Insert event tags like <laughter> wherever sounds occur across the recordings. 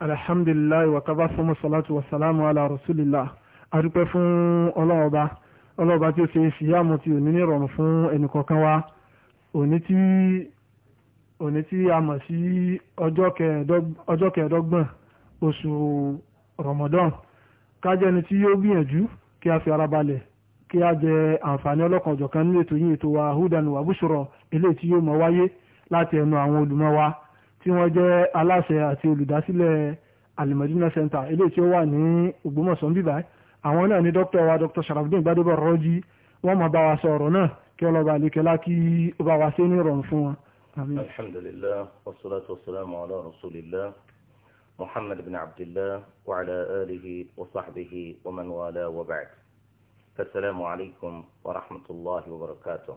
alhamdulilayi wa kaba fún musalatu wa salamu ala rasulillah adúpẹ́ fún ọlọ́ọ̀ba ọlọ́ọ̀ba tí ó ṣe ṣìyàmù tí ò ní ní ìrọ̀rùn fún ẹnìkọ̀ọ̀kan wa òní tí òní tí a mọ̀ sí ọjọ́ kẹẹ̀ẹ́dọ́gbọ̀n oṣù ramadan kájẹni tí yóò gbìyànjú kí a fi ara balẹ̀ kí a jẹ àǹfààní ọlọ́kan ọ̀jọ̀kan nínú ètò ètò wa hudan wa bushra eléyìí tí yóò mọ wáyé láti ẹnu àwọn olùmọ̀ wa tí wọ́n jẹ́ aláṣẹ àti olùdásílẹ̀ alimadina center eléyìí tí ó wà ní ògbómọ̀ṣọ́ bíbá àwọn náà ni dókítà wa dr sharafdin gbadebo rọjí wọ́n máa bá wa sọ ọ̀rọ̀ náà kí ọlọ́ba àlekẹ́lá kí ó bá wa ṣe ní ìrọ̀rùn fún wọn. alhamdulillah wasalaatu wasalaamu ala rasulillah muhammad bin abdillah wa ala alihi wa sahbihi wa man wala wa ba'd. asalaamu alaykum wa rahmatulahi wa barakatuh.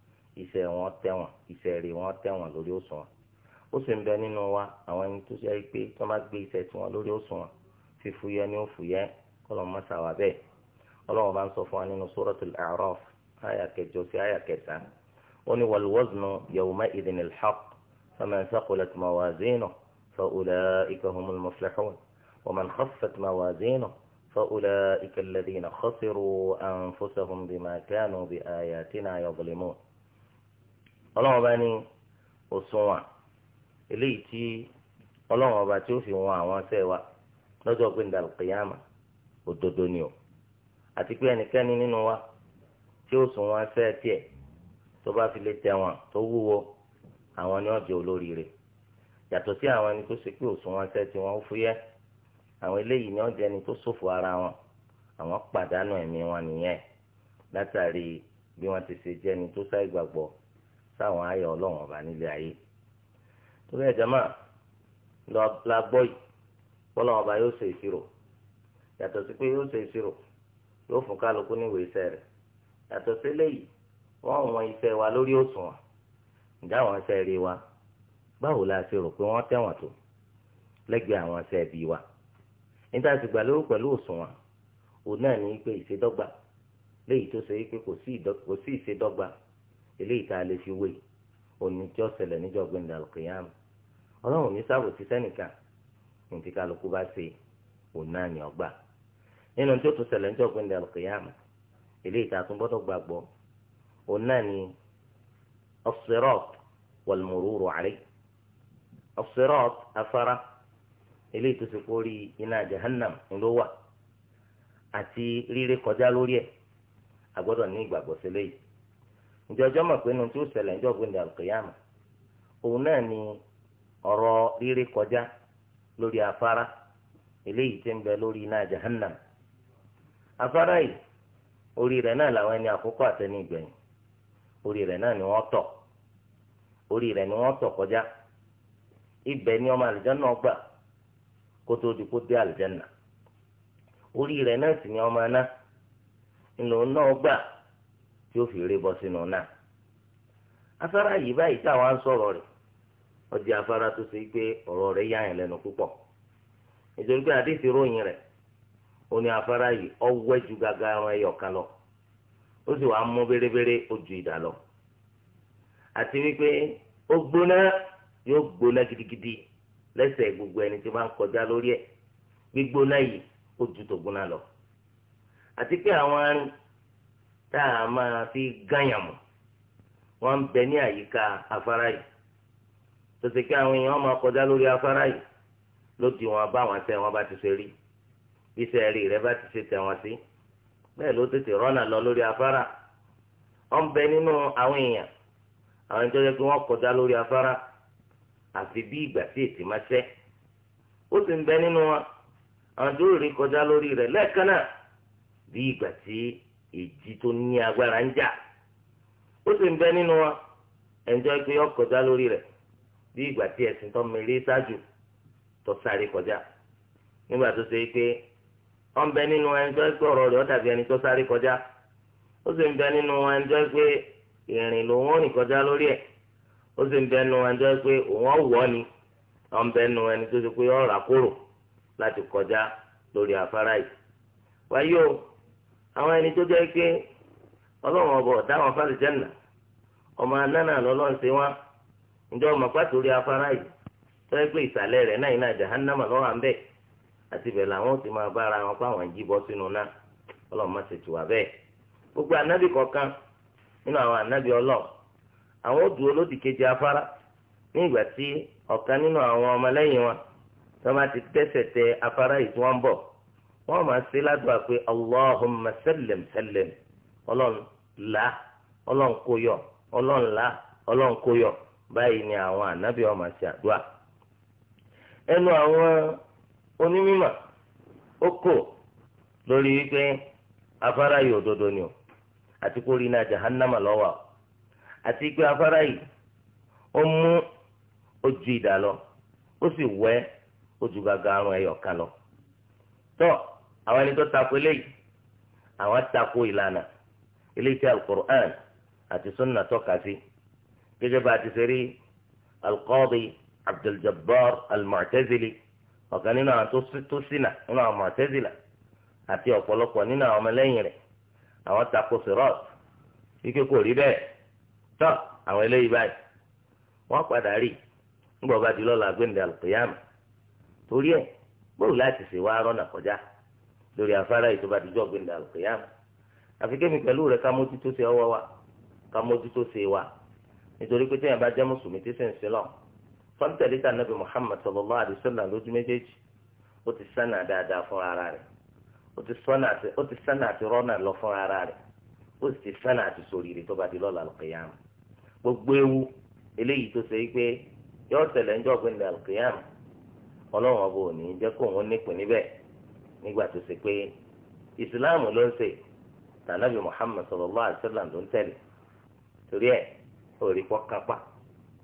iṣẹ́ wọn tẹ̀wọ̀n iṣẹ́ rẹ̀ wọn tẹ̀wọ̀n lórí òṣùwọ̀n ó sì ń bẹ nínú wa àwọn ẹni tó ṣe pé tó bá gbé iṣẹ́ tiwọn lórí òṣùwọ̀n fífúyẹ́ ni ó fúyẹ́ kọ́lọ́ mọ́sá wa bẹ́ẹ̀ ọlọ́run bá ń sọ fún wa nínú suratul a'raf àyà kẹjọ sí àyà kẹta ó ní wal waznu yawma idhin al-haq faman thaqulat mawazinuhu fa ulaika humul muflihun wa man khaffat mawazinuhu فأولئك الذين خسروا أنفسهم بما كانوا ọlọ́run bá ní òṣùwọ̀n eléyìí tí ọlọ́run ọba tí ó fi wọn àwọn ṣẹ́ wa lọ́jọ́ pé ndàlùkìyàmà òdodo ni o àti pé ẹnikẹ́ni nínú wa tí òṣùwọ̀n ṣẹ́ tiẹ̀ tó bá fi lè tẹ̀wọ̀n tó wúwo àwọn ni wọ́n jẹ́ olóríire yàtọ̀ sí àwọn ẹni tó ṣe pé òṣùwọ̀n ṣẹ́ tí wọ́n fúyẹ́ àwọn eléyìí ni wọ́n jẹ́ ẹni tó ṣòfò ara wọn àwọn pàdánù ẹ̀mí wọn nìyẹn látàrí bí wọ́n ti ṣe jẹ́ ẹni tó ṣàìgbàgbọ́ sáwọn ayọ̀ ọlọ́run ọba nílé ayé torí ẹ̀jẹ̀ máa lọ la gbọ́ yìí bọ́lá ọba yóò ṣe ìṣirò yàtọ̀ sí pé yóò ṣe ìṣirò yóò fún kálukú ní ìwé iṣẹ́ rẹ̀ yàtọ̀ sí léyìí wọ́n wọn iṣẹ́ wa lórí òṣùwọ̀n ǹjẹ́ àwọn iṣẹ́ rí wa báwo la ṣe rò pé wọ́n tẹ̀wọ̀n tó lẹ́gbẹ̀ẹ́ àwọn iṣẹ́ bí wa níta sì gbà lórí pẹ̀lú òṣùwọ̀n òun náà ní pé ìṣedọ́gba léyìí tó ṣe é pé kò sí ìṣedọ́gba eléyìí tá a lè fi wé òní tí ó ṣẹlẹ̀ níjọ́ gbẹ̀ndà alqiyam ọlọ́run ní sábò ti sẹ́nìkan ní ti kálukú bá ṣe òun náà ní ọgbà nínú tí ó tún ṣẹlẹ̀ níjọ́ gbẹ̀ndà alqiyam eléyìí tá a tún gbọ́dọ̀ gbàgbọ́ òun náà ní as-sirat wal afárá eléyìí tó ti kó iná jahannam ló wà àti ríré kọjá lórí ẹ̀ a ní ìgbàgbọ́ sílẹ̀ yìí ǹjẹ́ ọjọ́ pé tí ó òun náà ni ọrọ rírí kọjá lórí afárá eléyìí ti ń bẹ lórí iná jahannam afárá yìí orí naa náà làwọn ẹni àkókò àtẹni ìgbẹ̀yìn orí naa náà ni wọn tọ̀ orí ni wọn kọjá ibẹ̀ ni ọmọ àlùjáná gbà kó di kó dé orí ni ọmọ náà tí ó fi ré bọ sínú náà afárá yìí báyìí táwa ń sọ̀rọ̀ rẹ̀ ó di afárá tó ṣe pé ọ̀rọ̀ rẹ̀ yá yẹn lẹ́nu púpọ̀ nítorí pé àdéhìí ròyìn rẹ̀ ó ní afárá yìí ọwẹ́ ju gàgà ẹran ẹyọ kan lọ ó sì wàá mú bérebére ó ju ìdá lọ àti wípé ó gbóná yóò gbóná gidigidi lẹ́sẹ̀ gbogbo ẹni tí wọ́n kọjá lórí ẹ̀ gbígbóná yìí ó ju tògbóná lọ àti pé àwọn tá a máa fi gányàmù wọn bẹ ní àyíká afárá yìí tó kí àwọn èèyàn máa kọjá lórí afárá yìí ló wọn bá wọn tẹ wọn bá ti ṣe rí bí sẹ́ẹ̀rì rẹ bá ti ṣe tẹ wọn sí bẹ́ẹ̀ ló tètè lọ lórí afárá ó bẹ nínú àwọn èèyàn àwọn ìjọ yẹ kí wọ́n kọjá lórí afárá àfi bí ìgbà tí ètì máa ṣẹ́ ó sì nínú wọn àwọn tó rí kọjá lórí náà bí èjì tó ní agbára ń jà ó sì ń bẹ nínú wa ẹnjọ́ pé ọkọjá lórí rẹ̀ bí ìgbà tí ẹ̀sìn tó mèrè ṣáájú tó sáré kọjá nígbà tó ṣe pé ó ń bẹ nínú ẹnjọ́ pé ọ̀rọ̀ rẹ̀ ó dàbí ẹni tó sáré kọjá ó sì ń bẹ nínú ẹnjọ́ pé ìrìn lòun kọjá lórí ẹ̀ ó sì ń bẹ nínú ẹnjọ́ pé òun ọ̀wọ́ ni ó ń bẹ nínú ẹni tó ṣe pé kọjá lórí afárá yìí àwọn ẹni tó jẹ́ pé ọlọ́run ọbọ̀ ọ̀dá wọn ọmọ anáná lọ́lọ́run ṣe wá ǹjẹ́ ọmọ pàtó rí afárá yìí tó yẹ pé ìsàlẹ̀ rẹ̀ náà iná jahannama lọ́wọ́ à ń bẹ̀ àti bẹ̀ làwọn ti máa wọn gbogbo kọ̀ọ̀kan nínú àwọn ọlọ́run àwọn ó kejì afárá ní ìgbà tí ọ̀kan nínú àwọn ọmọlẹ́yìn wọn tó ti tẹ́sẹ̀ wọ́n ma ṣe ládùúgbà pé allahumma sallim sallim ọlọ́run là ọlọ́run kò báyìí ni àwọn ànábì wọn máa ṣe àdúrà ẹnu àwọn onímọ̀ ó kò lórí wípé afárá yìí òdodo ni o àti kó rí jahannama lọ́wọ́ o àti pé afárá yìí ó mú ojú ìdá lọ àwọn ẹni tó tako eléyìí àwọn tako ìlànà eléyìí tí alukur'an àti sunna tọ́ka sí gẹ́gẹ́ bá a ti ṣe rí alqadi abdul-jabbar al-mu'tazili ọ̀kan nínú àwọn tó ṣìnà nínú àwọn mu'tazila àti ọ̀pọ̀lọpọ̀ nínú àwọn ọmọlẹ́yìn rẹ̀ àwọn tako sirat ike kò rí bẹ́ẹ̀ tọ́ àwọn eléyìí báyìí wọ́n padà rí ńgbọ̀ bá di lọ́la gbẹ̀ndẹ̀ torí ẹ̀ bóòlù láti ṣèwà rọ́nà kọjá. lórí afárá ìjọba àdìjọ́ gbẹ̀ndà àlùkìyàmù àfi kémi pẹ̀lú rẹ̀ ká mójútó ṣe ọwọ́ wa ká mójútó ṣe wa nítorí pé téèyàn bá jẹ́ mùsùlùmí tí sin fọ́ńtẹ̀lì tà nàbì Muhammad sallallahu alaihi lójú méjèèjì ó ti sánà dáadáa fún ara rẹ̀ ó ti sánà àti rọ́nà lọ fún ara rẹ̀ ó sì ti sánà àti sòrìrì tó bá di lọ́la gbogbo ewu eléyìí tó ṣe é pé nígbà tó ṣe pé ìsìláàmù ló ń ṣe tànàbí Muhammad sallallahu alaihi wasallam ló ń tẹ̀lé torí ẹ̀ orí pọ̀ kápá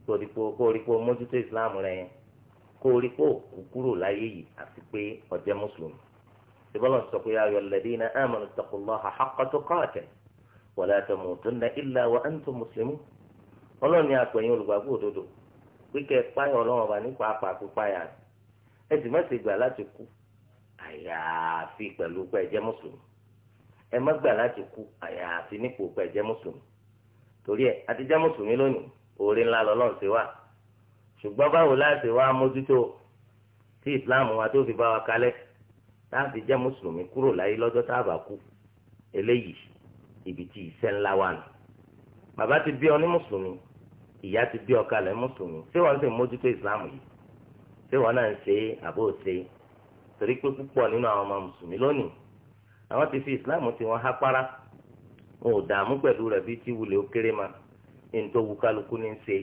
kórí pọ̀ mójútó ìsìláàmù rẹ̀ oripo kórí pọ̀ kú kúrò láyé yìí àti pé ọ̀jẹ́ mùsùlùmí ìbọ́lọ̀ sọ pé ayọ̀ alladhina amanu ittaqullaha haqqa tuqatihi wa la tamutunna na wa antum muslimun ọlọ́ọ̀ni àpẹ̀yìn olùgbàgbọ́ òdodo má gbà láti kú àyàfi pẹ̀lú pé ẹ jẹ́ mùsùlùmí ẹ má gbà láti kú àyàfi nípò pé ẹ jẹ́ mùsùlùmí torí ẹ àti jẹ́ mùsùlùmí lónìí oore ńlá lọ́lọ́run ṣe wá ṣùgbọ́n báwo láti wá mójútó tí ìsìláàmù wa tó fi bá wa kalẹ̀ láti jẹ́ mùsùlùmí kúrò láyé lọ́jọ́ tá a bá kú eléyìí ibi tí iṣẹ́ ńlá wà nù bàbá ti bí ọ ní mùsùlùmí ìyá ti bí ọ kalẹ̀ mùsùlùmí ṣé wọ́n ń ṣe mójútó ìsìláàmù yìí ṣé wọ́n náà ń ṣe àbó torí pé púpọ̀ nínú àwọn ọmọ mùsùlùmí lónìí àwọn ti fi ìsìláàmù tí wọ́n há para wọn ò dààmú pẹ̀lú rẹ̀ bí tí wulẹ̀ ó kéré ma ní tó wu kálukú ní í ṣe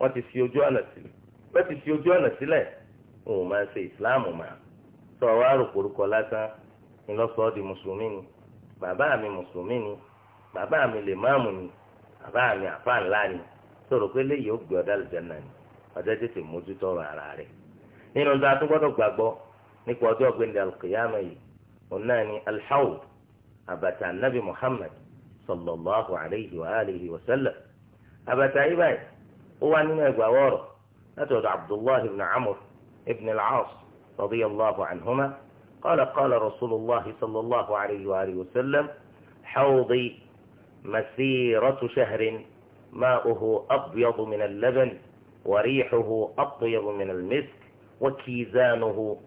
wọ́n ti fi ojú ọ̀nà sílẹ̀ wọ́n ti fi ojú ọ̀nà sílẹ̀ wọn ò máa ṣe ìsìláàmù mà sọ wá rògbòrúkọ lásán ńlọsọọ di mùsùlùmí ni bàbá mi mùsùlùmí ni bàbá mi lè máàmù ni bàbá mi àfa ńlá ni sọ̀rọ̀ pé léyìí ó gbé ọ̀dà lùjẹ́ náà ni ọ̀dà nípa ọjọ́ gbẹ̀ndẹ̀ alqiyama yìí ọ̀nà ni alḥawd àbàtà nabi muhammad sallallahu alayhi wa alihi wa sallam àbàtà yìí báyìí ó wá nínú ẹgbàá wọ́ọ̀rọ̀ láti ọ̀dọ̀ abdullahi ibn amr ibn al-aas radiyallahu anhuma qala qala rasulillah sallallahu alayhi wa alihi wa sallam xawdi masiiratu shahrin ماؤه أبيض من اللبن وريحه أطيب من المسك وكيزانه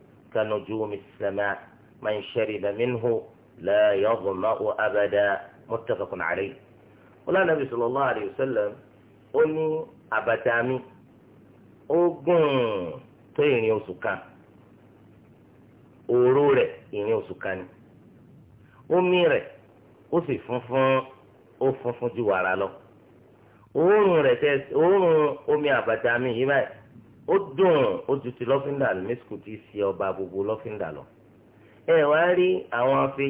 كنجوم السماء من شرب منه لا يظمأ أبدا متفق عليه ولا النبي صلى الله عليه وسلم ó ní àbàtà mi ó gùn tó ìrìn oṣù kan òru rẹ̀ ìrìn oṣù kan ni omi rẹ̀ ó sì funfun ó funfun ju wàrà lọ òórùn rẹ̀ tẹ òórùn omi àbàtà mi yìí báyìí ó dùn ó ti ti lọ́fíńdà lẹ́mẹ́sìkò ti ṣe ọba gbogbo lọ́fíńdà lọ. ẹ wá rí àwọn afi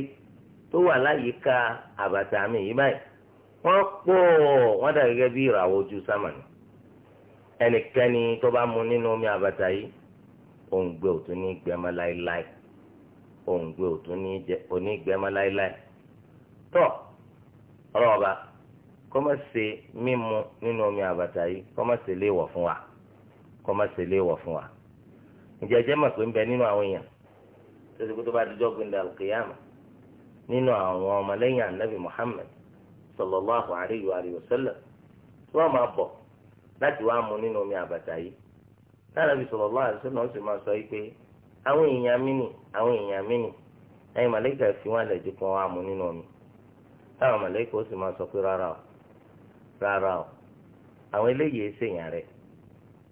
tó wà láyìíká àbàtà mi yìí báyìí wọ́n pọ̀ wọ́n dà gẹ́gẹ́ bí ìràwọ̀ ojú sámánì ẹnikẹ́ni tó bá mu nínú omi àbàtà yìí òǹgbẹ òtún ní gbẹmọ láéláé òǹgbẹ òtún ní jẹ òní gbẹmọ láéláé tọ ọlọ́ọ̀ba kọ́mọ̀sẹ̀ mímu nínú omi àbàtà yìí kọ́mọ̀sẹ̀ léèwọ̀ fún wa. kọ́ má ṣe léèwọ̀ fún wa ǹjẹ́ ẹjẹ́ mọ̀ pé ń bẹ nínú àwọn èèyàn tó ti Ninu tó bá dijọ́ nínú àwọn ọmọlẹ́yìn anabi Muhammad sallallahu alayhi wa sallam tí wọ́n máa bọ̀ láti wá mu nínú omi àbàtà yìí anabi sallallahu alayhi sì sọ yìí pé àwọn èèyàn mí àwọn èèyàn mí ẹ̀yin màlẹ́kà fi wọ́n wá mu nínú omi táwọn màlẹ́kà ó sì sọ pé rárá o rárá o àwọn eléyìí rẹ̀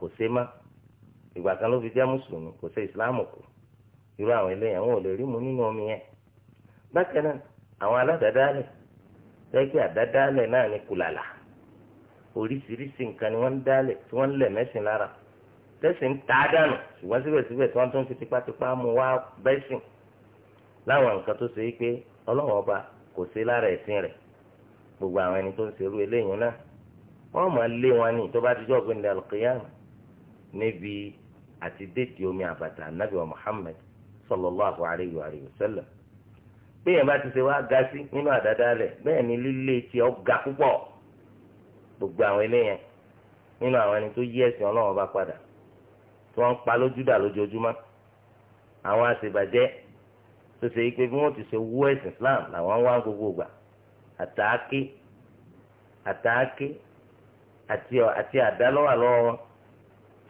kò ṣe má ìgbà kan ló fi jẹ́ mùsùlùmí kò ṣe ìsìláàmù kù irú àwọn eléyàn wọn ò lè rí mu nínú omi yẹn bákan náà àwọn aládàádáálẹ̀ lẹ́gbẹ́ àdádálẹ̀ náà ní kùlàlà oríṣiríṣi nǹkan ni wọ́n ń dálẹ̀ tí wọ́n ń lẹ̀ mẹ́sìn lára tẹ́sìn ń ta dànù ṣùgbọ́n síbẹ̀síbẹ̀ tí wọ́n tún fi tipátipá mu wá bẹ́sìn láwọn nǹkan tó ṣe é pé ọlọ́wọ́n ọba kò ṣe lára ẹ̀sìn rẹ̀ gbogbo àwọn ẹni tó ń ṣerú eléyìí náà wọ́n mọ̀ lé wọn ní tó bá ti jọ́ gbẹ̀ndẹ̀ àlùkìyàmù níbi àti déètì omi àbàtà anábìwá Muhammad sallallahu alayhi wa sallam bí èèyàn bá ti ṣe wá ga sí nínú àdádálẹ̀ bẹ́ẹ̀ ni líle tí ó ga púpọ̀ gbogbo àwọn eléyẹn nínú àwọn ẹni tó yí ẹ̀sìn Ọlọ́run ọba padà tí wọ́n ń pa lójú dà lójoojúmọ́ àwọn àṣebàjẹ́ tó ṣe pé bí wọ́n ti ṣe wú ẹ̀sìn Islam làwọn wá gbogbo gbà àtàáké àtàáké àti àdálọ́wà lọ́wọ́ wọn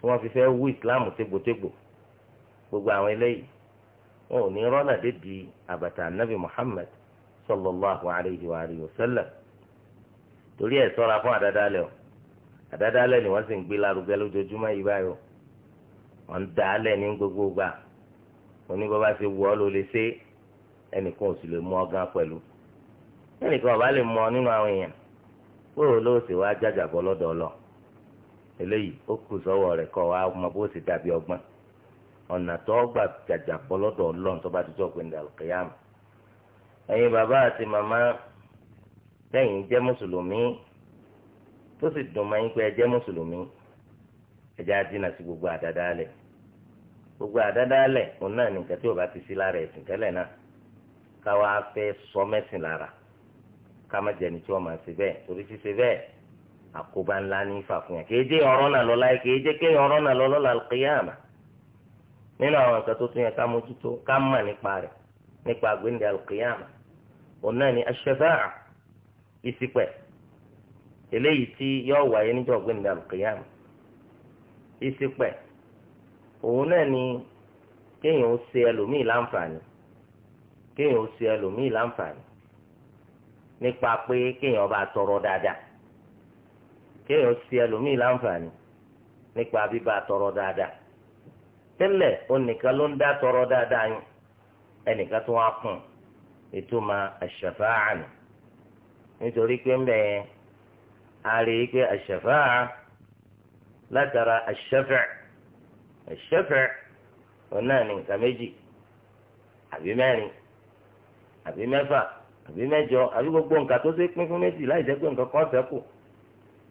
wọ́n fi fẹ́ wú ìsìláàmù tégbòtégbò gbogbo àwọn eléyìí wọn ò ní rọ́nà débi àbàtà anabi muhammed sallallahu alayhi wa alihi wa sallam torí ẹ̀ sọ́ra fún àdádálẹ̀ o àdádálẹ̀ ni wọ́n sì ń gbé lárugẹ lójoojúmọ́ yìí báyìí o wọ́n ń dálẹ̀ ní gbogbo gbà oní bọ́ bá ṣe wù ọ́ ló lè ṣe ẹnìkan ò sì lè mú ọ gan pẹ̀lú ẹnìkan ọ̀bá lè mú ọ nínú àwọn èèyàn pé òun ló wá jàjàbọ́ lọ́dọ̀ ọlọ́ọ̀ eléyìí ó kù sọ́wọ́ rẹ̀ kọ́ wa ọmọ bó ti dàbí ọgbọ́n ọ̀nà tó gbà jàjà pọ̀ ọlọ́run tó bá ti jọ́ gbẹ̀ndà kìyàmù. ẹ̀yin bàbá àti màmá tẹ̀yìn jẹ́ mùsùlùmí tó sì dùn máa ń pẹ́ jẹ́ mùsùlùmí gbogbo àdádálẹ̀ gbogbo àdádálẹ̀ òun náà ní nǹkan tí bá ti sí lára ẹ̀sìn tẹ́lẹ̀ náà káwa fẹ́ sọ mẹ́sìn lára ká má jẹ́ni àkóbá ńlá ní ìfàkùnyà kì í jẹ́ ọ̀rọ̀ náà lọ́la kì í jẹ́ ọ̀rọ̀ náà lọ́la lọ́la nínú àwọn nǹkan tó tún yẹ ká mójútó ká mà nípa rẹ̀ nípa òun náà ni aṣẹfẹ́ràn ìsìpẹ̀ eléyìí tí yóò wáyé níjọ́ àgbéǹde alùkìyàmà ìsìpẹ̀ òun náà ni kéèyàn ó ṣe ẹlòmíì láǹfààní kéèyàn ó ṣe kéèyàn ṣe ẹlòmíì láǹfààní nípa bíbá tọrọ dáadáa tẹ́lẹ̀ onìkan ló ń dá tọrọ dáadáa yín ẹnìkan tó wá kùn ètò ma àṣàfáà nù nítorí pé ń yẹn a rí i pé àṣàfáà látara àṣẹfẹ àṣẹfẹ òun náà méjì àbí mẹ́rin àbí mẹ́fà àbí mẹ́jọ àbí gbogbo nǹkan tó ṣe pín fún méjì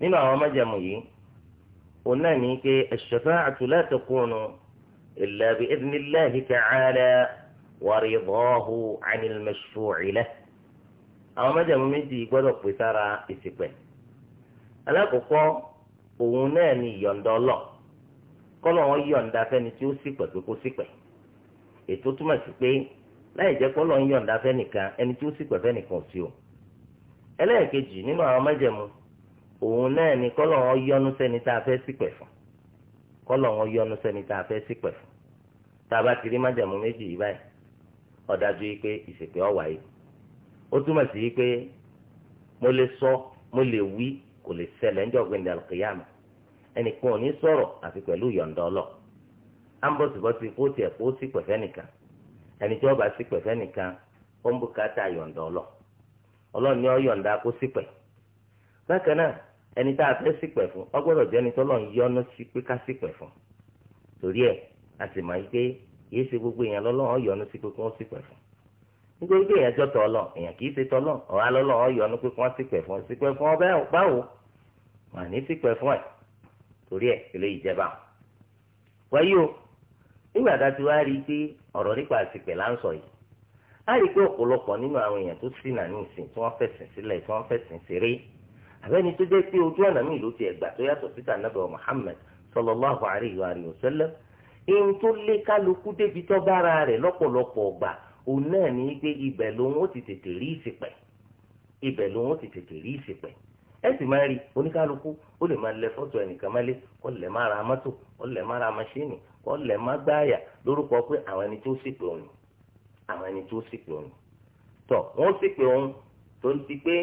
nínú àwọn májàmú yìí òun náà ní pé ash-shafa'atu la takunu illa bi idhnillahi ta'ala wa ridahu 'anil àwọn májàmú méjì gbọdọ pè sára ìsìpẹ̀ alákòókò òun náà ní ìyọ̀ǹda ọlọ́ kọ́lọ̀ wọn tí ó kó ètò túmọ̀ sí pé láì jẹ́ ń yọ̀ǹda fẹ́nìkan ẹni tí ó sí òun náà ni kọ́lọ̀ wọn yọnu si tá a fẹ́ fún kọ́lọ̀ wọn yọnu sẹ́ni tá a fẹ́ fún tá a bá ti rí májàmú méjì yìí báyìí yìí pé ọ̀wà yìí ó túmọ̀ sí yìí pé mo lè sọ mo lè wí kò lè ṣẹlẹ̀ ń jọ̀gbìn ní ò ní sọ̀rọ̀ àfi pẹ̀lú yọ̀ǹda ọlọ́ kó tiẹ̀ kó ẹni tí wọ́n bá sí ó ẹni tá a fẹ́ ṣìpẹ̀ fún ọ jẹ́ ẹni tọ́lọ́ ń yọ́nú sí pé ká ṣìpẹ̀ fún torí ẹ̀ a sì máa ń pé yìí ṣe gbogbo èèyàn lọ́lọ́run yọ́nú sí pé kí wọ́n ṣìpẹ̀ fún nítorí pé èèyàn èèyàn kì í ṣe lọ́lọ́run yọ́nú pé kí nígbà tá a ti wá rí i pé ọ̀rọ̀ nípa là ń sọ yìí rí i pé ọ̀pọ̀lọpọ̀ nínú àwọn èèyàn tó àbẹ́ni tó jẹ́ pé ojú ọ̀nà míì ló ti ẹ̀gbà tó yàtọ̀ síta nàbẹ̀ wa Muhammad sallallahu alayhi wa sallam ihun tó lé kálukú débi tó bára rẹ̀ lọ́pọ̀lọpọ̀ ọgbà òun náà ní pé ibẹ̀ lòun ó ti tètè rí ìsìpẹ̀ ibẹ̀ lòun ó ti tètè rí ìsìpẹ̀ ẹ sì máa rí oníkálukú ó lè máa lẹ fọ́tò ẹnìkan mọ́lé kó lè má ra mọ́tò kó lè má ra maṣíìnì kó lè má gbáàyà lórúkọ pé àwọn ẹni tó ṣìpè òun àwọn ẹni tó ṣìpè òun tọ wọn ṣìpè òun tó ń ti pé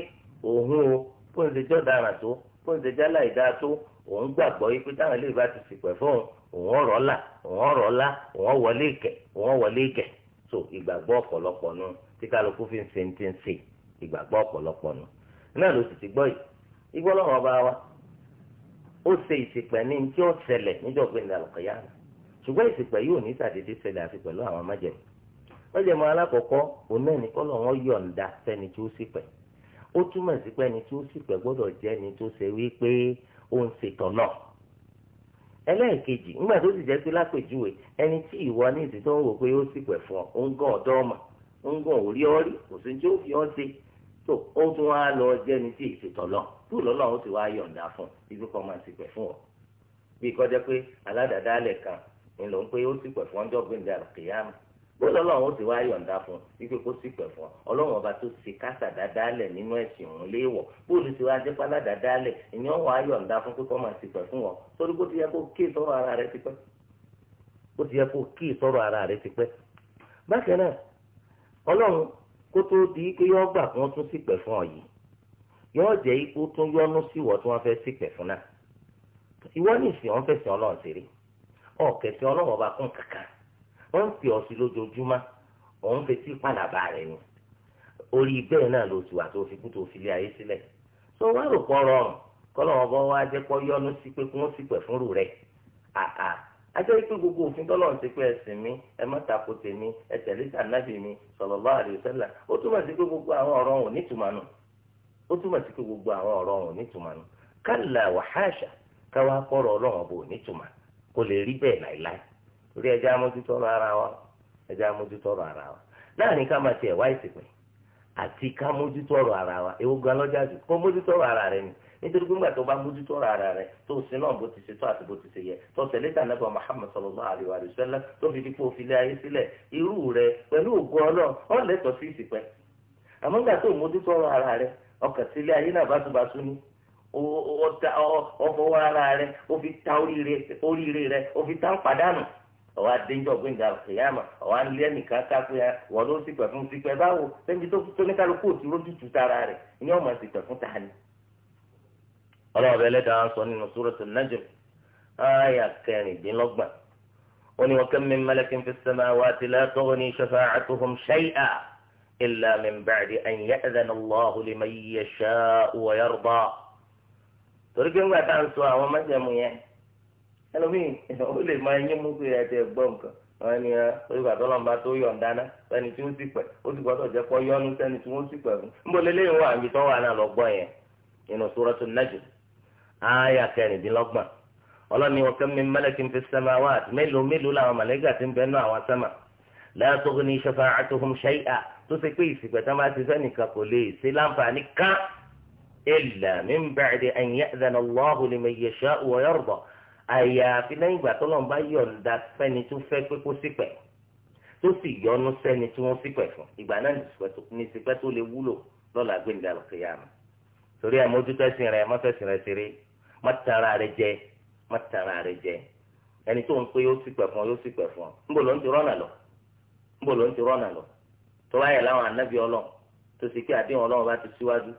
òun o bó ń so jọ́ dára tó bó ń ṣe jálá tó òun ti fún òun ọ̀rọ̀ là òun ọ̀rọ̀ òun so ìgbàgbọ́ ọ̀pọ̀lọpọ̀ nu tí kálukú fi ń se ń ti ń ṣe ìgbàgbọ́ ọ̀pọ̀lọpọ̀ nu wa ó ìsìpẹ́ ní tí ó níjọ́ pé ní ṣùgbọ́n ìsìpẹ́ yóò ní sàdédé pẹ̀lú àwọn májẹ̀mú ó túmọ̀ sí pé ẹni tó sì pẹ́ gbọ́dọ̀ jẹ́ ẹni tó ṣe wípé ó ń ṣètọ̀ náà ẹlẹ́ẹ̀kejì nígbà tó sì jẹ́ pé lápèjúwe ẹni tí ìwọ ní ìsìn tó ń wò pé ó sì pẹ̀ fún ọ ń gàn ọ̀dọ́ ọmọ ń gàn orí ọrí kò sí tí ó fi ọ́ ṣe tó ó tún wá lọ jẹ́ ẹni tí ìṣètọ̀ lọ tó lọ́lọ́ ó ti wá yọ̀ǹda fún ibi kan máa sì pẹ̀ fún ọ bí kọjá pé aládàádáálẹ̀ kan ńlọ ń pé ó sì pẹ̀ fún ọjọ́ gbẹ̀ǹdà kìyàmù bóyá ọlọ́run ti wá yọ̀ǹda fún ike kó sì pẹ̀ fún ọ ọlọ́run ọba tó ti kásà dáadáalẹ̀ nínú ẹ̀sìn òun léèwọ̀ bóòlù ti wá jẹ́pá dáadáalẹ̀ ìyẹn wà á yọ̀ǹda fún kíkọ́ máa ti pẹ̀ fún ọ torí bó ti yẹ kó kí ara rẹ ti pẹ́ bó ọlọ́run kó di pé yọ gbà fún ọ yìí yọ jẹ́ tún ó ń pè ọ́ sí lójoojúmọ́ òun fetí pàlàbà rẹ̀ ni orí bẹ́ẹ̀ náà ló ti wà tó fi kú tó fi lé ayé sílẹ̀ tó wá rò rọrùn kọ́lọ́wọ́n bọ́ sí pé kí sì pẹ̀ fúnrù rẹ mi ẹ má mi ó túmọ̀ sí pé gbogbo àwọn ọ̀rọ̀ nítumọ̀ nù ó túmọ̀ sí pé gbogbo àwọn ọ̀rọ̀ nítumọ̀ torí ẹja amójútó ara wa ẹja amójútó ọ̀rọ̀ ara wa láàrin ká máa tiẹ̀ wá ìsìnkú àti ká ara wa ewu gan lọ́jà jù kó ara rẹ ni nítorí gbígbà tó bá mójútó ara rẹ tó sin náà bó ti ṣe tó àti bó ti ṣe yẹ tó tó fi dípò ayé sílẹ̀ irú rẹ pẹ̀lú ògùn ọlọ́ọ̀ sí ìsìnkú àmọ́ gbà tó mójútó ara ọwọ́ adéńjọ́ pé nga ìyáàmà ọwọ́ alẹ́ nìkan ká pé wọ́n ló sì pẹ̀ fún sí pẹ̀ báwo sẹ́ni tó ní kálukú òtún ló dùtù sára rẹ̀ ní ọmọ sì pẹ̀ fún tani. ọlọ́wọ́ bẹ́ẹ̀ lẹ́dàá sọ nínú suratul najm áyà kẹrìndínlọ́gbọ̀n ó ní wa kam min malakin fis samawati la tughni shafa'atuhum shay'an illa min ba'di an ya'dhana ẹlòmíì <laughs> ó lè máa yín mú pé ẹ̀jẹ̀ gbọ́ nǹkan wọn ni ah, orí bàtọ́ lọ́nba tó yọ̀ǹdáná sẹ́ni tí ó sì pẹ̀ ó sì gbọ́dọ̀ jẹ́ pọ́ yọ́nú sẹ́ni tí wọ́n sì pẹ̀ fún un. níbo lélẹ́yìn wà níbi tó wà náà lọ́gbọ́n yẹn nínú Suratul Najm ááyà kẹrìndínlọ́gbọ̀n ọlọ́ni wa kam min malakin fis samawati mélòó mélòó làwọn màlẹ́gà ti ń bẹ náà àwọn sẹ́mà la tughni shafa'atuhum shay'a tó ṣe pé ìsìnkú ẹ̀tàn bá ti fẹ́ nìkan kò lè ṣe láǹfààní kan illa min ba'di an ya'dhana Allahu liman yasha'u wa yarda àyàfi lẹ́yìn ìgbà tó lọ́n bá yọ̀ǹda fẹ́ni tó fẹ́ pé kó sípẹ̀ tó sì yọnu sẹ́ni tí wọ́n sípẹ̀ fún ìgbà náà ní sípẹ́ tó lè wúlò lọ́la gbẹ̀ǹdà lọ́kẹ́yàmù torí ẹ̀ mójútẹ́sìn rẹ̀ mọ́tẹ́sìn rẹ̀ ṣeré mọ́tara rẹ̀ jẹ mọ́tara rẹ̀ jẹ ẹni tó ń pé yóò sípẹ̀ fún yóò sípẹ̀ fún ńbò ló ń ti rọ́nà lọ ńbò ló ń ti rọ́nà lọ tó báyẹ̀ láwọn anábì ọlọ́run tó sì pé àdéhùn ọlọ́run bá ti síwájú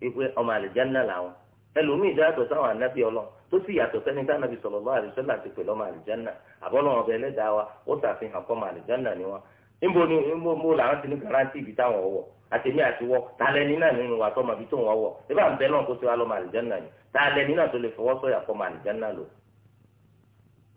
wípé ọmọ àlìjáná làwọn ẹlòmíì dá yàtọ̀ sáwọn ànábì ọlọ́run tó sì yàtọ̀ sẹ́ni tá ànábì sallallahu alaihi wasallam ti pè lọ́mọ àlìjánà àbọ́lọ́wọ́n ọbẹ̀ ẹlẹ́dàá wa ó ṣàfihàn kọ́mọ àlìjánà ni wọn. níbo ni mo làwọn ti ní garanti ibi táwọn ọwọ́ àtẹ̀mí àtiwọ́ tàlẹ́ni náà nínú wa tọ́mọ ibi tó ń wọ́wọ́ ibà ń bẹ́ lọ́n kó tiwa lọ́mọ àlìjánà ni tàlẹ́ni náà tó lè fọwọ́ sọ̀yà kọ́mọ àlìjánà lò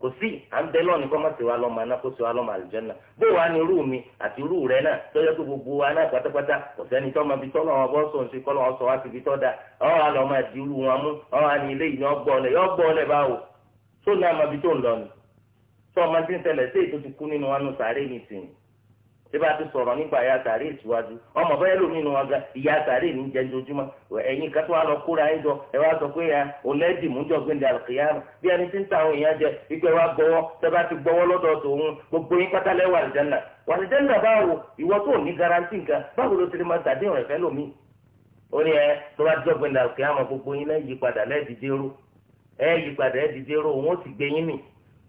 kò sí à ń bẹ lọ́ọ̀ni kọ́ mọ̀tì wa lọ́mọ aná kó sì wa lọ́mọ àlùjànnà bó wa ni irú mi àti irú rẹ náà tọ́jọ́ tó gbogbo wa náà pátápátá kò sẹ́ni tó ma fi tọ́lọ̀ wọn bọ́ sọ̀nsì kọ́ lọ́wọ́ sọ wá síbi tọ́ da ọ́ wa lọ́ ma di irú wọn mú ọ́ wa ni ilé ìní ọgbọ́ọ̀lẹ̀ yọ gbọ́ọ̀lẹ̀ báwo tó náà ma fi tó ń lọ ni tó ti ń tẹ̀lẹ̀ sí ètò ti kú nínú wọn nù sàárè nìsín síbà ti sọ̀rọ̀ nípa ya sàárè ìsíwájú ọmọ bẹ́ẹ̀ lómi nínú wọn ga ìyá sàárè ní jẹ ojoojúmọ́ ẹ̀yin kan tó wà lọ kóra ẹ̀ jọ ẹ wá sọ pé ọ̀lẹ́dì mújọ gbẹ̀ndẹ̀ àlùkìyàmù bí ẹni tí ń ta àwọn èèyàn jẹ ìgbẹ́ wa gbọ́wọ́ sẹ́bà ti gbọ́wọ́ lọ́dọ̀ tòun gbogbo yín pátálẹ́ wà lìjánà wà báwo garanti nǹkan báwo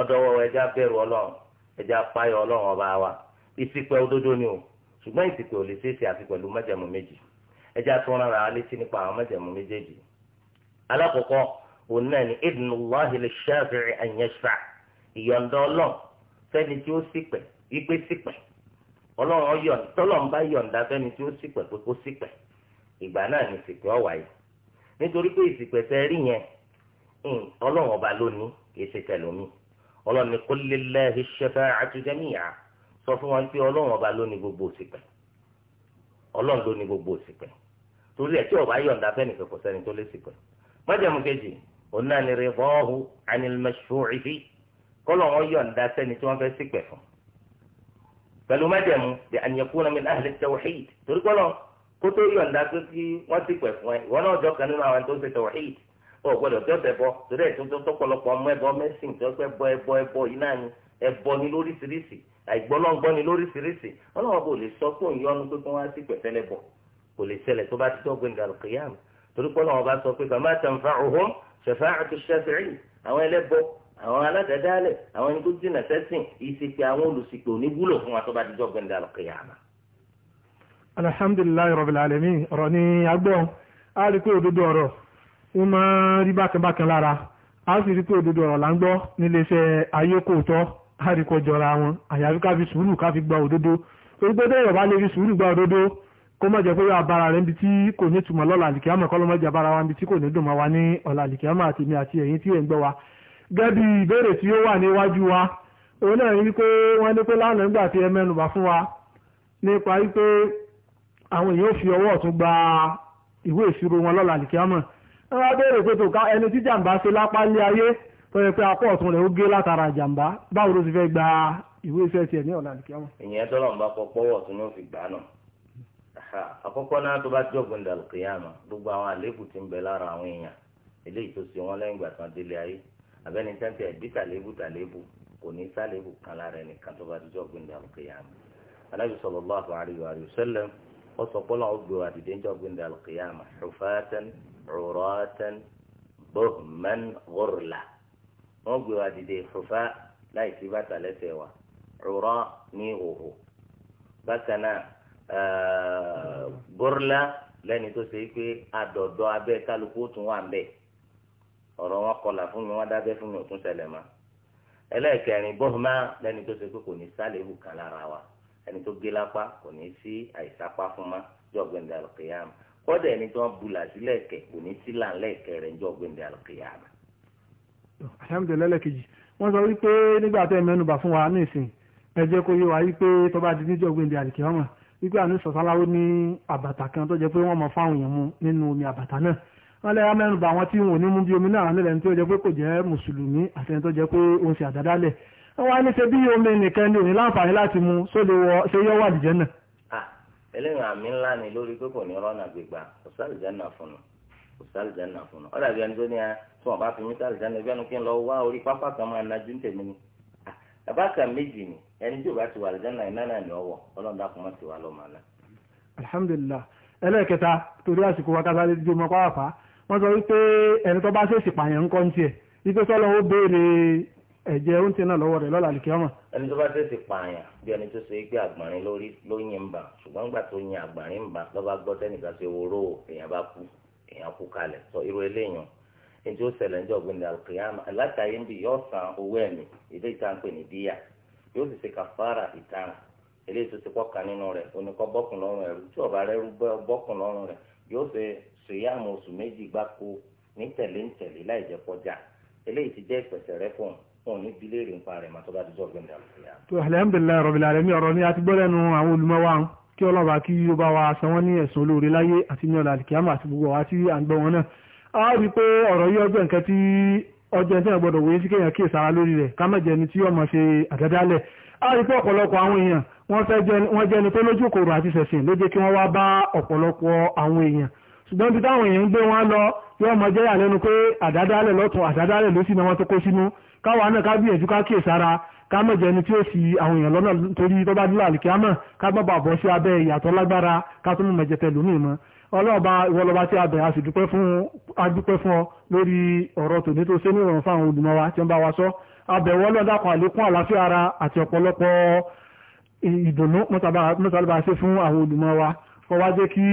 ọdọwọ ẹja bẹ̀rù ọlọrun ẹja apáyọ ọlọrun ọba wa ìsìnkú ni o ṣùgbọ́n ìsìnkú ò lè ṣeé ṣe pẹ̀lú májẹ̀mú méjì ẹja tó ń rárá létí nípa àwọn májẹ̀mú méjèèjì alákọ̀ọ́kọ́ òun náà ni idnullahi lish-shafi'i an yashfa' ìyọ̀ǹda Ọlọ́run fẹ́ni tí ó ṣìpẹ̀ wípé Ọlọ́run ọyọ̀n pé kó ìgbà ọlọ́run ní qul lillahi shafa'atu jami'a sọ fún wọn pé ọlọ́run ọba ló ní gbogbo òṣìpẹ̀ ọlọ́run ló ní gbogbo òṣìpẹ̀ torí ẹ̀ tí ọba yọ̀ǹda fẹ́ nìkan kò sẹ́ni tó lè ṣìpẹ̀ májàmú kejì òun náà ní ridahu 'anil mashfu'i fi kọ́lọ̀ wọn yọ̀ǹda sẹ́ni tí wọ́n fẹ́ ṣìpẹ̀ fún pẹ̀lú májàmú bí an yakuna min torí kọ́lọ̀ kótó yọ̀ǹda pé kí wọ́n ṣìpẹ̀ fún ẹ ọ gbọ́dọ̀ dọdẹ bọ torí ẹ tuntun tó pọ̀lọpọ̀ ọmọ ẹbọ mẹsìn tó pẹ bọ ẹbọ ẹbọ yìí náà ni ẹbọ ni lóríṣiríṣi àìgbọlọgbọ ni lóríṣiríṣi Ọlọ́run kò lè sọ pé òun yọnu pé kí wọn á sì pẹtẹlẹ bọ kò lè ṣẹlẹ̀ tó bá ti tọ́ gbẹngà kìyàm torí pé Ọlọ́run bá sọ pé bàmá tàǹfà òhún ṣẹfà àtúnṣẹfìrì àwọn ẹlẹ́bọ àwọn aládàádáálẹ̀ àwọn ẹni tó dínà sẹ́sìn ìsìnkú àwọn olùsìnkú òní alhamdulilayi rabil alamin ọ̀rọ̀ ni agbọ́n a rí pé òdodo ọ̀rọ̀ ó ri ń rí bákanbákan lára a sì rí pé òdodo ọ̀rọ̀ là ń gbọ́ níléeṣẹ́ ayé kò tọ́ àríkọ́ jọra wọn àyàfi ká fi sùúrù ká fi gba òdodo torí pé bẹ́ẹ̀ lè gba òdodo kó má jẹ́ pé abara rẹ̀ níbi tí kò ní tùmọ̀ lọ́la àlìkíyàmọ̀ kọ́ ló má jẹ́ wa níbi tí kò ní dùn mọ́ wa ní ọ̀la àlìkíyàmọ̀ àti èmi àti wa wa òun náà ní pé wọ́n ní pé lánàá ẹ fún wa nípa wípé àwọn èèyàn ò fi ọwọ́ ọ̀tún gba ìwé ìṣirò wọn lọ́la wọ́n bẹ̀rẹ̀ pé tòká ẹni tí jàǹbá ṣe lápá lé ayé tó yẹ pé apá ọ̀tún rẹ̀ ó gé látara jàǹbá báwo ló ti fẹ́ gba ìwé iṣẹ́ tiẹ̀ ní ọ̀la nìkẹ́ wọn. ìyẹn tọ́lọ̀ ń bá kọ pọ́wọ́ tó ní ó fi gbà náà àkọ́kọ́ náà tó bá jọ̀gbìn dàlùkìyàmà gbogbo àwọn àléébù ti ń bẹ lára àwọn èèyàn eléyìí tó ṣe wọn lẹ́yìn ìgbà tí wọ́n délé ayé abẹ́ni tẹ́ǹtì ẹ̀bí tàléébù tàléébù uratan buhman ghurla wọ́n gbé wa dìde ìfúfá láì sí bàtà lẹ́sẹ̀ wa ọ̀rọ̀ ní òhò bákan náà bọ́rọ̀lá lẹ́ni tó ṣe pé adọ̀dọ̀ abẹ́ kálukú tún wà mbẹ́ ọ̀rọ̀ wọn kọlà fún mi wọn dábẹ́ fún mi ò tún ṣẹlẹ̀ mọ́ ẹlẹ́ẹ̀kẹrin bọ́ọ̀mà lẹ́ni tó ṣe pé kò ní sálẹ̀wù kan lára wa ẹni tó gé lápá kò ní sí àìsápá fún ma jọ̀gbìn dàlùkìyàmù kọ́dà ẹni tí wọ́n bulà sí lẹ́ẹ̀kẹ́ kò ní sí là lẹ́ẹ̀kẹ́ rẹ̀ níjọ́ gbẹ̀ndẹ̀ àlùkìyàmà. alhamdulilayi lẹ́kejì wọ́n sọ wípé nígbà tẹ́ mẹ́nubà fún wa ní ìsìn ẹ jẹ́ kó yé wa wípé tó bá di níjọ́ gbẹ̀ndẹ̀ àlùkìyàmà wípé àní sọ̀sáláwó ní àbàtà kan tó jẹ́ pé wọ́n mọ fáwọn èèyàn mu nínú omi àbàtà náà wọ́n lẹ́yà mẹ́nubà àwọn tí wọn ò ní mú bí omi náà nílẹ̀ ní tó jẹ́ pé kò jẹ́ mùsùlùmí àti ẹni tó jẹ́ náà eléyìí àmì ńlá ni lórí pé kò ní rọ́nà gbígbà kò sí àlùjánnà fún un kò sí àlùjánnà fún un ọ̀dà bí ẹni tó ní ẹ tí wọ́n bá fi mí sí àlùjánnà bí ẹni kí n lọ wá orí pápá kan máa najú ń tèmi ni bàbá kan méjì ni ẹni tí ò bá ti wà àlùjánnà iná náà ní ọwọ́ ọlọ́run dákun mọ́ ti wà lọ́mọ náà. alhamdulilah ẹlẹ́ẹ̀kẹta torí àsìkò wa kásáré dídí ọmọ pàápàá wọ́n sọ wípé ẹni tó bá ṣèṣì ẹ̀jẹ̀ oúnjẹ náà lọ́wọ́ rẹ̀ lọ́la àlìkẹ́ ọmọ. ẹni tó bá tẹ̀sí pààyàn bí ẹni tó ṣe é gbé àgbọ̀nrín lórí ló yin bà ṣùgbọ́n nígbà tó yin àgbọ̀nrín bà lọ́ba gbọ́ tẹ́nìkan ṣe oró èèyàn bá kú èèyàn kú kalẹ̀ sọ irú eléyàn ẹni tó ṣẹlẹ̀ níjọ́ gbẹ̀ndé àlùkìyàmà látàyé ń bì yóò san owó ẹ̀mí ilé ìtànpẹ̀ ní díyà yóò sì ṣe kàfàrà ìtàn ilé tó ti pọ́ka nínú rẹ̀ oníkọ́ bọ́kùn lọ́rùn rẹ̀ tí ọ̀bà rẹ̀ rú bọ́kùn lọ́rùn rẹ̀ yóò ṣe ṣèyàmù oṣù méjì gbáko ní tẹ̀lé ń tẹ̀lé láì jẹ́ kọjá eléyìí ti jẹ́ ìpẹ̀sẹ̀ rẹ̀ fún un òní bilé rè ń pa rẹ̀ màtọ́ bá ti jọ́ gbẹ̀mí àlùfíà. tó alhamdulilayi rabbil alamin ọ̀rọ̀ ni a ti gbọ́ lẹ́nu àwọn olùmọ̀ wa kí ọlọ́ba kí ó bá wa san wọ́n ní ẹ̀sùn olóore láyé àti ní ọ̀la àlìkíyàmà àti gbogbo àwa tí à ń gbọ́ wọn náà. a rí i pé ọ̀rọ̀ yí ọgbẹ́ nǹkan tí ọjọ́ ẹni tí wọ́n gbọ́dọ̀ wòye sí kéèyàn kíyè sára lórí rẹ̀ ká má tí ọmọ ṣe àdádálẹ̀. a rí pé ọ̀pọ̀lọpọ̀ àwọn èèyàn wọ́n fẹ́ wọ́n jẹni tó lójú kòrò àti ṣẹ̀sìn ló jẹ́ kí wọ́n wá bá ọ̀pọ̀lọpọ̀ àwọn èèyàn ṣùgbọ́n bí táwọn èèyàn ń gbé wọn lọ yóò mọ jẹ́yà lẹ́nu pé àdádálẹ̀ lọ́tún àdádálẹ̀ ló sì náà wọ́n tó kó sínú káwa náà ká gbìyànjú ká kíyè sára ká mọ̀ jẹ́ni tí ó fi àwọn èèyàn lọ́nà torí tó bá dúró àlìkíámọ̀ ká gbọ́ bàbọ̀ sí abẹ́ ìyàtọ̀ lágbára ká tó mú mẹ̀jẹ̀ tẹ̀lú ní ìmọ̀ ọlọ́ọ̀ba ìwọlọ́ba tí a bẹ̀ a sì dúpẹ́ fún ọ lórí ọ̀rọ̀ tòní tó ṣe ní ìrọ̀rùn fáwọn olùmọ̀ wa tí ń bá wa sọ abẹ̀wọ́ lọ́dàkọ̀ àlékún àlàáfíà ara àti ọ̀pọ̀lọpọ̀ ìdùnnú mọ́tàlá fún àwọn olùmọ̀ kọ wá jẹ́ kí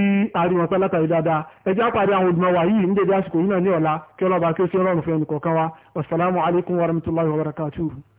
àríwọ̀n pẹ́ látàrí dáadáa ẹjẹ́ àpàdé àwọn olùmọ̀ wà yìí nídèdè àsìkò yìí náà ní ọ̀la kí ọlọ́ba kí ó sí ọlọ́run fún ẹnì kọ̀ọ̀kan wa wassalamu alaikum warahmatullahi